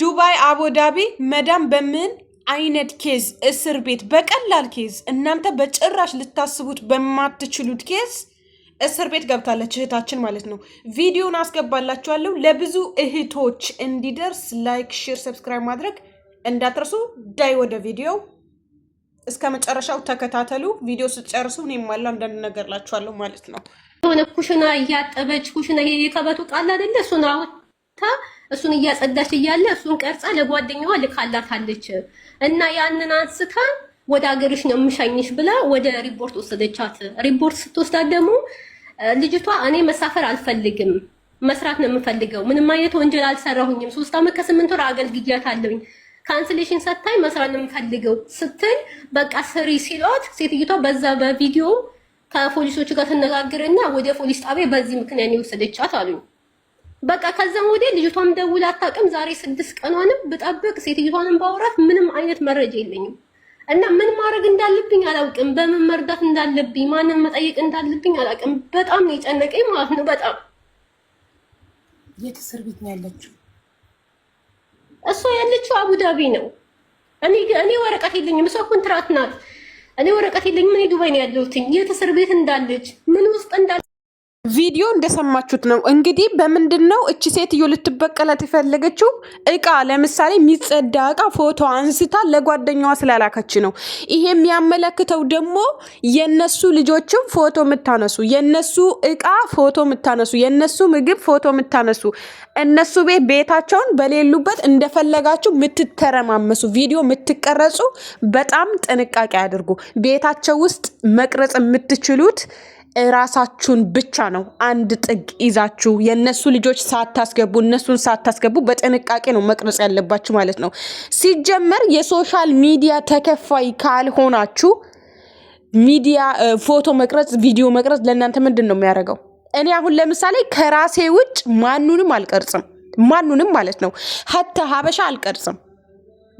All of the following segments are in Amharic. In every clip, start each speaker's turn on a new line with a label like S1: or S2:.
S1: ዱባይ አቡዳቢ መዳም በምን አይነት ኬዝ እስር ቤት በቀላል ኬዝ እናንተ በጭራሽ ልታስቡት በማትችሉት ኬዝ እስር ቤት ገብታለች እህታችን ማለት ነው። ቪዲዮን አስገባላችኋለሁ ለብዙ እህቶች እንዲደርስ ላይክ፣ ሼር፣ ሰብስክራይብ ማድረግ እንዳትረሱ። ዳይ ወደ ቪዲዮ እስከ መጨረሻው ተከታተሉ። ቪዲዮ ስትጨርሱ እኔም አለ አንዳንድ ነገር ላችኋለሁ ማለት ነው።
S2: የሆነ ኩሽና እያጠበች ኩሽና የቀበቱ ቃል አይደለ እሱን አሁን ሰጥታ እሱን እያጸዳች እያለ እሱን ቀርጻ ለጓደኛዋ ልካላታለች እና ያንን አንስታ ወደ ሀገርሽ ነው የምሻኝሽ ብላ ወደ ሪፖርት ወሰደቻት። ሪፖርት ስትወስዳት ደግሞ ልጅቷ እኔ መሳፈር አልፈልግም መስራት ነው የምፈልገው፣ ምንም አይነት ወንጀል አልሰራሁኝም፣ ሶስት ዓመት ከስምንት ወር አገልግያታለሁኝ፣ ካንስሌሽን ሰታኝ መስራት ነው የምፈልገው ስትል በቃ ስሪ ሲሏት ሴትዮቷ በዛ በቪዲዮ ከፖሊሶቹ ጋር ትነጋግርና ወደ ፖሊስ ጣቢያ በዚህ ምክንያት የወሰደቻት አሉኝ። በቃ ከዛም ወዲህ ልጅቷም ደውላ አታውቅም። ዛሬ ስድስት ቀኗንም ብጠብቅ ሴትዮዋንም ባወራት ምንም አይነት መረጃ የለኝም እና ምን ማድረግ እንዳለብኝ አላውቅም። በምን መርዳት እንዳለብኝ፣ ማንን መጠየቅ እንዳለብኝ አላውቅም። በጣም ነው የጨነቀኝ ማለት ነው። በጣም
S3: የት እስር ቤት ነው ያለችው?
S2: እሷ ያለችው አቡዳቢ ነው። እኔ እኔ ወረቀት የለኝም። እሷ ኮንትራት ናት። እኔ ወረቀት የለኝም። እኔ ዱባይ ነው ያለሁት። የት እስር ቤት እንዳለች ምን ውስጥ እንዳለች
S1: ቪዲዮ እንደሰማችሁት ነው እንግዲህ በምንድን ነው እቺ ሴትዮ ልትበቀላት የፈለገችው? እቃ ለምሳሌ የሚጸዳ እቃ ፎቶ አንስታ ለጓደኛዋ ስላላከች ነው። ይሄ የሚያመለክተው ደግሞ የነሱ ልጆችም ፎቶ የምታነሱ የነሱ እቃ ፎቶ የምታነሱ የነሱ ምግብ ፎቶ የምታነሱ እነሱ ቤት ቤታቸውን በሌሉበት እንደፈለጋችሁ የምትተረማመሱ ቪዲዮ የምትቀረጹ በጣም ጥንቃቄ አድርጉ። ቤታቸው ውስጥ መቅረጽ የምትችሉት ራሳችሁን ብቻ ነው አንድ ጥግ ይዛችሁ የእነሱ ልጆች ሳታስገቡ እነሱን ሳታስገቡ በጥንቃቄ ነው መቅረጽ ያለባችሁ ማለት ነው። ሲጀመር የሶሻል ሚዲያ ተከፋይ ካልሆናችሁ ሚዲያ ፎቶ መቅረጽ፣ ቪዲዮ መቅረጽ ለእናንተ ምንድን ነው የሚያደርገው? እኔ አሁን ለምሳሌ ከራሴ ውጭ ማኑንም አልቀርጽም። ማኑንም ማለት ነው ሀታ ሀበሻ አልቀርጽም።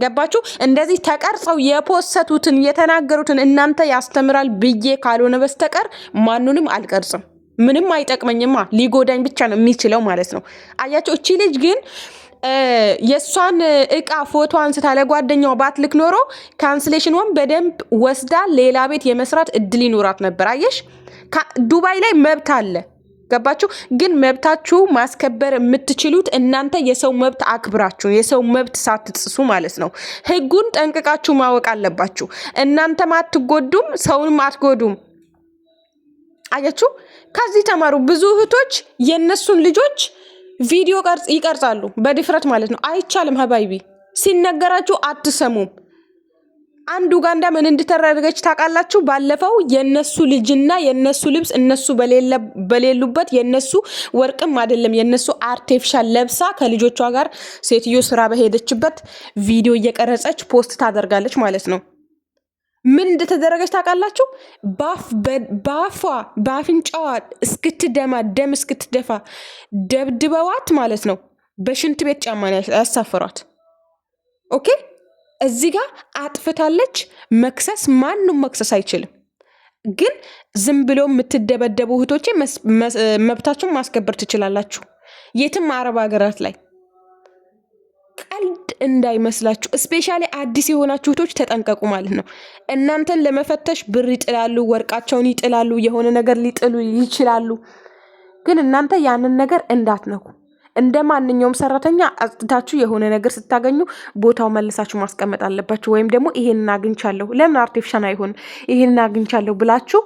S1: ገባችሁ? እንደዚህ ተቀርጸው የፖሰቱትን የተናገሩትን እናንተ ያስተምራል ብዬ ካልሆነ በስተቀር ማንንም አልቀርጽም። ምንም አይጠቅመኝማ። ሊጎዳኝ ብቻ ነው የሚችለው ማለት ነው። አያቸው። እቺ ልጅ ግን የእሷን እቃ ፎቶ አንስታ ለጓደኛው ባትልክ ኖሮ ካንስሌሽንዋን በደንብ ወስዳ ሌላ ቤት የመስራት እድል ይኖራት ነበር። አየሽ፣ ዱባይ ላይ መብት አለ። ገባችሁ? ግን መብታችሁ ማስከበር የምትችሉት እናንተ የሰው መብት አክብራችሁ የሰው መብት ሳትጥሱ ማለት ነው። ህጉን ጠንቅቃችሁ ማወቅ አለባችሁ። እናንተም አትጎዱም፣ ሰውንም አትጎዱም። አያችሁ፣ ከዚህ ተማሩ። ብዙ እህቶች የእነሱን ልጆች ቪዲዮ ይቀርጻሉ፣ በድፍረት ማለት ነው። አይቻልም። ሀባይቢ ሲነገራችሁ አትሰሙም። አንድ ኡጋንዳ ምን እንድታደርገች ታውቃላችሁ? ባለፈው የነሱ ልጅና የነሱ ልብስ እነሱ በሌሉበት የነሱ ወርቅም አይደለም የነሱ አርቴፊሻል ለብሳ ከልጆቿ ጋር ሴትዮ ስራ በሄደችበት ቪዲዮ እየቀረጸች ፖስት ታደርጋለች ማለት ነው። ምን እንደተደረገች ታውቃላችሁ? ባፏ በአፍንጫዋ እስክትደማ ደም እስክትደፋ ደብድበዋት ማለት ነው። በሽንት ቤት ጫማ ያሳፍሯት። ኦኬ እዚህ ጋር አጥፍታለች። መክሰስ ማንም መክሰስ አይችልም። ግን ዝም ብሎ የምትደበደቡ እህቶቼ መብታችሁን ማስከበር ትችላላችሁ። የትም አረብ ሀገራት ላይ ቀልድ እንዳይመስላችሁ። እስፔሻሊ አዲስ የሆናችሁ እህቶች ተጠንቀቁ ማለት ነው። እናንተን ለመፈተሽ ብር ይጥላሉ፣ ወርቃቸውን ይጥላሉ፣ የሆነ ነገር ሊጥሉ ይችላሉ። ግን እናንተ ያንን ነገር እንዳትነኩ። እንደ ማንኛውም ሰራተኛ አጽድታችሁ የሆነ ነገር ስታገኙ ቦታው መልሳችሁ ማስቀመጥ አለባችሁ። ወይም ደግሞ ይሄንን አግኝቻለሁ ለምን አርቲፊሻል አይሆንም ይሄንን አግኝቻለሁ ብላችሁ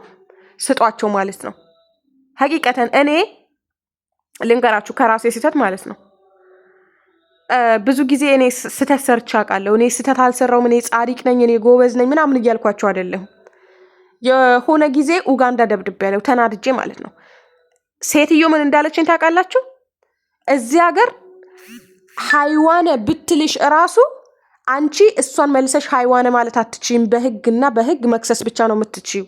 S1: ስጧቸው ማለት ነው። ሀቂቀተን እኔ ልንገራችሁ ከራሴ ስህተት ማለት ነው። ብዙ ጊዜ እኔ ስህተት ሰርቼ አውቃለሁ። እኔ ስህተት አልሰራውም፣ እኔ ጻድቅ ነኝ፣ እኔ ጎበዝ ነኝ ምናምን እያልኳቸው አይደለም። የሆነ ጊዜ ኡጋንዳ ደብድቤያለሁ ተናድጄ ማለት ነው። ሴትዮ ምን እንዳለችኝ ታውቃላችሁ? እዚህ ሀገር ሀይዋነ ብትልሽ እራሱ አንቺ እሷን መልሰሽ ሀይዋነ ማለት አትችይም። በህግና በህግ መክሰስ ብቻ ነው የምትችይው።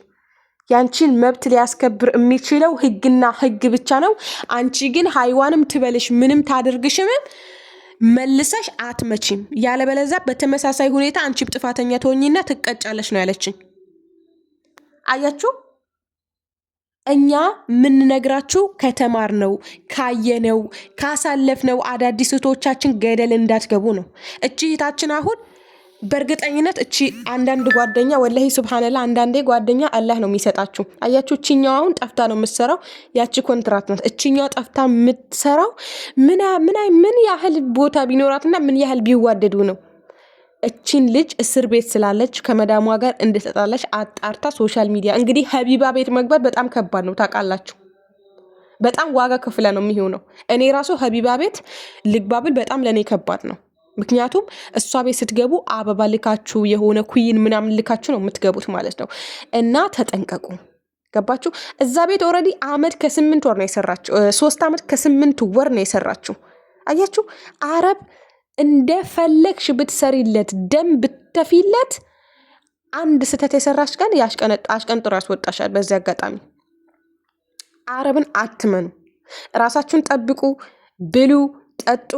S1: ያንቺን መብት ሊያስከብር የሚችለው ህግና ህግ ብቻ ነው። አንቺ ግን ሀይዋንም ትበልሽ ምንም ታደርግሽም መልሰሽ አትመችም። ያለበለዚያ በተመሳሳይ ሁኔታ አንቺ ጥፋተኛ ትሆኚና ትቀጫለች ነው ያለችኝ። አያችሁ። እኛ የምንነግራችሁ ከተማርነው ካየነው ካሳለፍነው አዳዲስ እህቶቻችን ገደል እንዳትገቡ ነው። እቺ እህታችን አሁን በእርግጠኝነት እቺ አንዳንድ ጓደኛ ወላሂ ስብሓንላ አንዳንዴ ጓደኛ አላህ ነው የሚሰጣችሁ። አያችሁ፣ እችኛው አሁን ጠፍታ ነው የምትሰራው። ያቺ ኮንትራት ናት። እችኛው ጠፍታ የምትሰራው ምን ያህል ቦታ ቢኖራትና ምን ያህል ቢዋደዱ ነው እቺን ልጅ እስር ቤት ስላለች ከመዳሟ ጋር እንደተጣላች አጣርታ ሶሻል ሚዲያ እንግዲህ ሀቢባ ቤት መግባት በጣም ከባድ ነው ታውቃላችሁ። በጣም ዋጋ ክፍለ ነው የሚሆነው። እኔ ራሱ ሀቢባ ቤት ልግባብል በጣም ለእኔ ከባድ ነው። ምክንያቱም እሷ ቤት ስትገቡ አበባ ልካችሁ የሆነ ኩይን ምናምን ልካችሁ ነው የምትገቡት ማለት ነው። እና ተጠንቀቁ። ገባችሁ? እዛ ቤት ኦልሬዲ አመት ከስምንት ወር ነው የሰራችሁ። ሶስት አመት ከስምንት ወር ነው የሰራችሁ። አያችሁ አረብ እንደፈለግሽ ብትሰሪለት ደም ብትተፊለት አንድ ስህተት የሰራሽ ቀን አሽቀንጥሮ ያስወጣሻል። በዚህ አጋጣሚ አረብን አትመኑ። ራሳችሁን ጠብቁ፣ ብሉ፣ ጠጡ።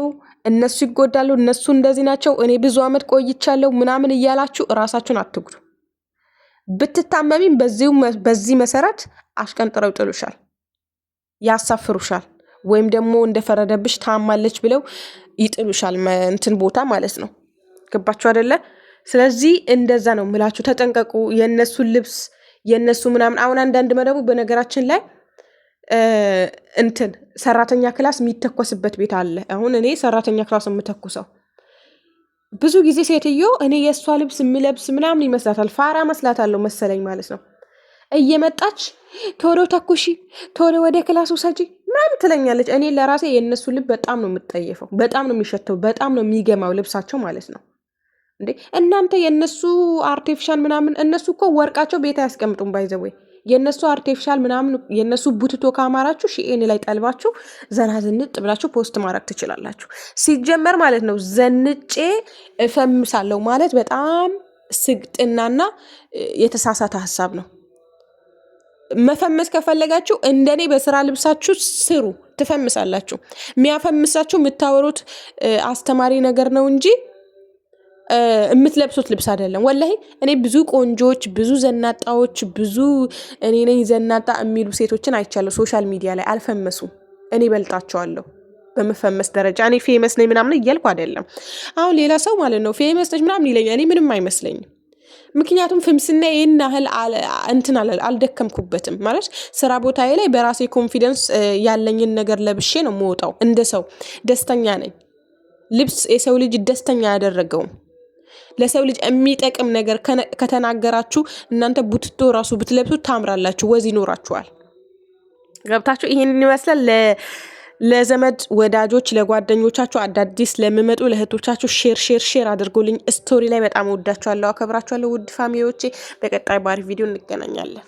S1: እነሱ ይጎዳሉ፣ እነሱ እንደዚህ ናቸው፣ እኔ ብዙ ዓመት ቆይቻለሁ ምናምን እያላችሁ ራሳችሁን አትጉዱ። ብትታመሚም በዚህ መሰረት አሽቀንጥረው ይጥሉሻል፣ ያሳፍሩሻል። ወይም ደግሞ እንደፈረደብሽ ታማለች ብለው ይጥሉሻል። እንትን ቦታ ማለት ነው። ገባችሁ አደለ? ስለዚህ እንደዛ ነው ምላችሁ፣ ተጠንቀቁ። የእነሱን ልብስ የእነሱ ምናምን። አሁን አንዳንድ መደቡ በነገራችን ላይ እንትን ሰራተኛ ክላስ የሚተኮስበት ቤት አለ። አሁን እኔ ሰራተኛ ክላስ የምተኩሰው ብዙ ጊዜ ሴትዮ እኔ የእሷ ልብስ የምለብስ ምናምን ይመስላታል፣ ፋራ መስላታለሁ መሰለኝ ማለት ነው። እየመጣች ቶሎ ተኩሺ፣ ቶሎ ወደ ክላስ ውሰጂ ምናምን ትለኛለች። እኔ ለራሴ የእነሱ ልብ በጣም ነው የምጠየፈው በጣም ነው የሚሸተው፣ በጣም ነው የሚገማው ልብሳቸው ማለት ነው። እንዴ እናንተ የእነሱ አርቴፊሻል ምናምን፣ እነሱ እኮ ወርቃቸው ቤት አያስቀምጡም። ባይዘወይ የእነሱ አርቴፊሻል ምናምን፣ የእነሱ ቡትቶ ካማራችሁ ሺኤን ላይ ጠልባችሁ ዘና ዝንጥ ብላችሁ ፖስት ማድረግ ትችላላችሁ። ሲጀመር ማለት ነው ዘንጬ እፈምሳለሁ ማለት በጣም ስግጥናና የተሳሳተ ሀሳብ ነው። መፈመስ ከፈለጋችሁ እንደኔ በስራ ልብሳችሁ ስሩ፣ ትፈምሳላችሁ። የሚያፈምሳችሁ የምታወሩት አስተማሪ ነገር ነው እንጂ የምትለብሱት ልብስ አይደለም። ወላሂ እኔ ብዙ ቆንጆች፣ ብዙ ዘናጣዎች፣ ብዙ እኔ ነኝ ዘናጣ የሚሉ ሴቶችን አይቻለሁ ሶሻል ሚዲያ ላይ። አልፈመሱም። እኔ በልጣቸዋለሁ በመፈመስ ደረጃ። እኔ ፌመስ ነኝ ምናምን እያልኩ አይደለም። አሁን ሌላ ሰው ማለት ነው ፌመስ ነች ምናምን ይለኛል። እኔ ምንም አይመስለኝም። ምክንያቱም ፍምስና ይህን ያህል እንትን አልደከምኩበትም። ማለት ስራ ቦታዬ ላይ በራሴ ኮንፊደንስ ያለኝን ነገር ለብሼ ነው የምወጣው። እንደ ሰው ደስተኛ ነኝ። ልብስ የሰው ልጅ ደስተኛ ያደረገውም ለሰው ልጅ የሚጠቅም ነገር ከተናገራችሁ እናንተ ቡትቶ ራሱ ብትለብሱ ታምራላችሁ፣ ወዝ ይኖራችኋል። ገብታችሁ ይህን ይመስላል። ለዘመድ ወዳጆች፣ ለጓደኞቻችሁ አዳዲስ ለሚመጡ ለእህቶቻችሁ ሼር ሼር ሼር አድርጎልኝ። ስቶሪ ላይ በጣም እወዳችኋለሁ፣ አከብራችኋለሁ ውድ ፋሚሊዎቼ። በቀጣይ ባሪ ቪዲዮ እንገናኛለን።